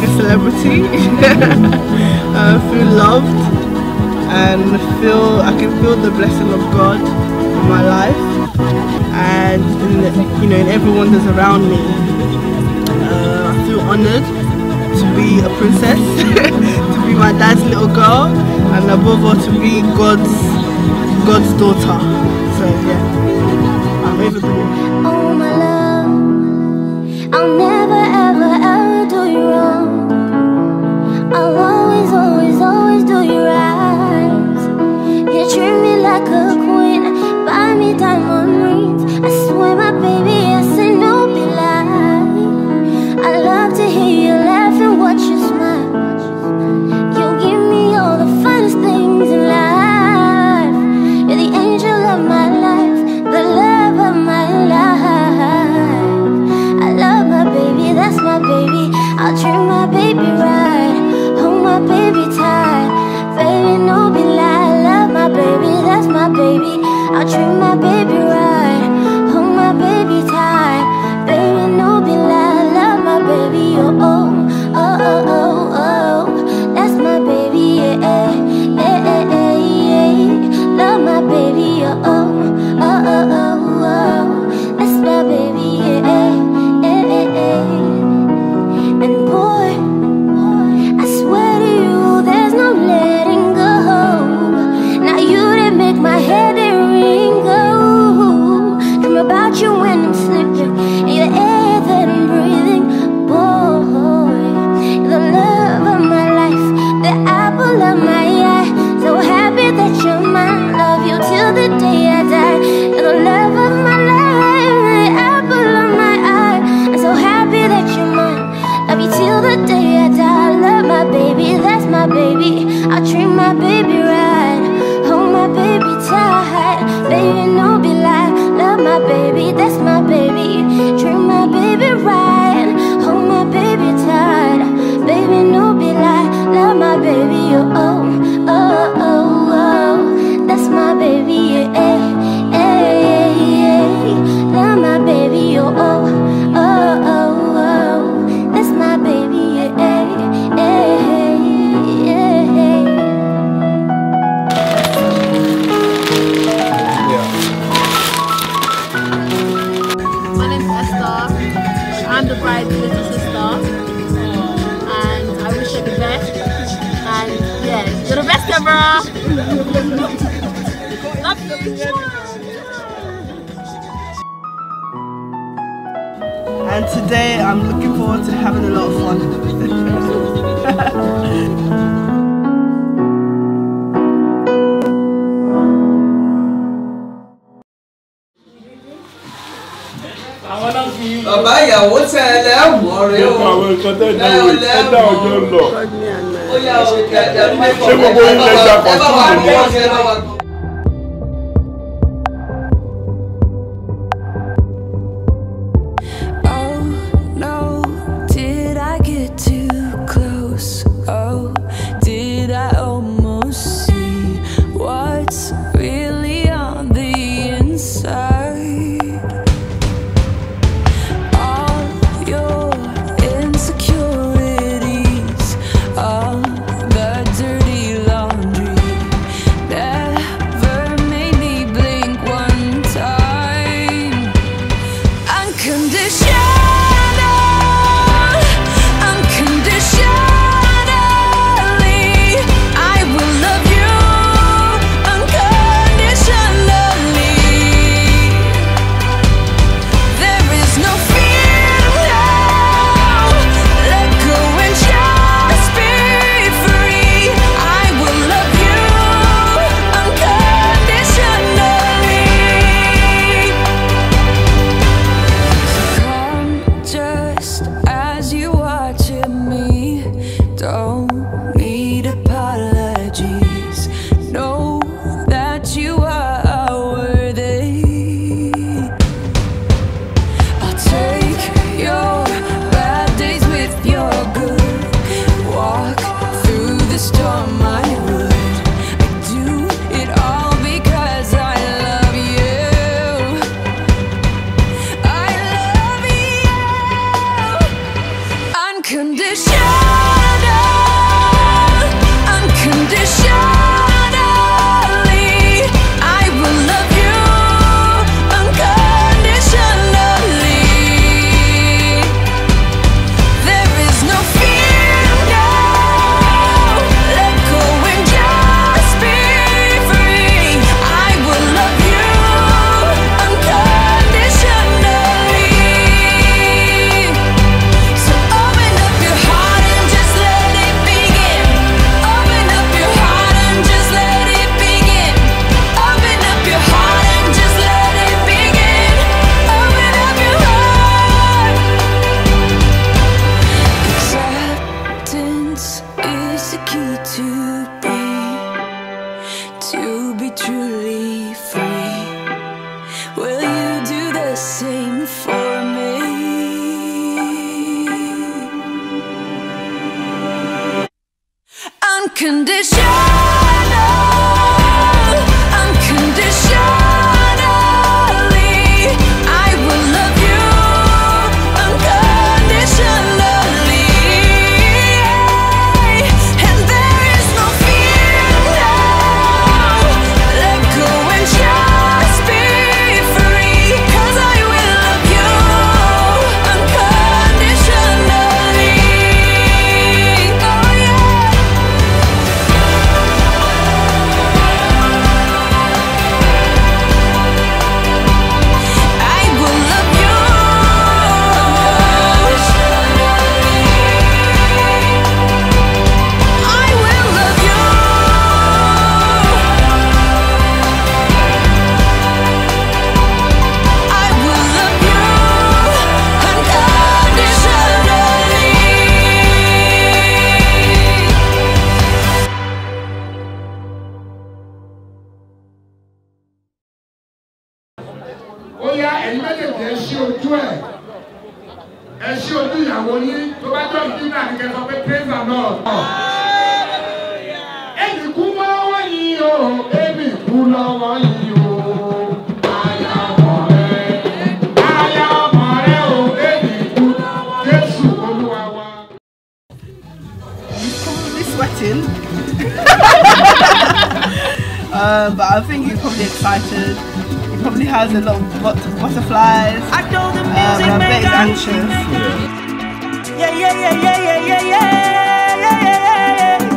like a celebrity. I feel loved and feel I can feel the blessing of God in my life and in, you know in everyone that's around me. Uh, I feel honoured to be a princess, to be my dad's little girl, and above all to be God's God's daughter. So yeah, I'm overjoyed. Oh my love, I'll never. and today I'm looking forward to having a lot of fun. Bàbá condition ẹ̀yin méjèèjì ẹ ṣí ojú ẹ̀ ẹ ṣí ojú ìyàwó yín tó bá jọ ìdí náà ní kẹsàn pé praise the Lord. ẹnì kú lọ́wọ́ yìí o ẹnì kú lọ́wọ́ yìí Sweating. uh, but I think you're probably excited. probably has a lot of butterflies. I know the music um, I'm very anxious. Yeah, yeah, yeah, yeah, yeah, yeah, yeah, yeah, yeah. yeah, yeah.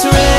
to rain.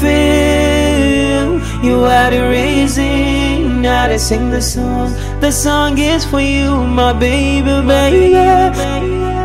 feel You are the reason Now to sing the song The song is for you, my baby, baby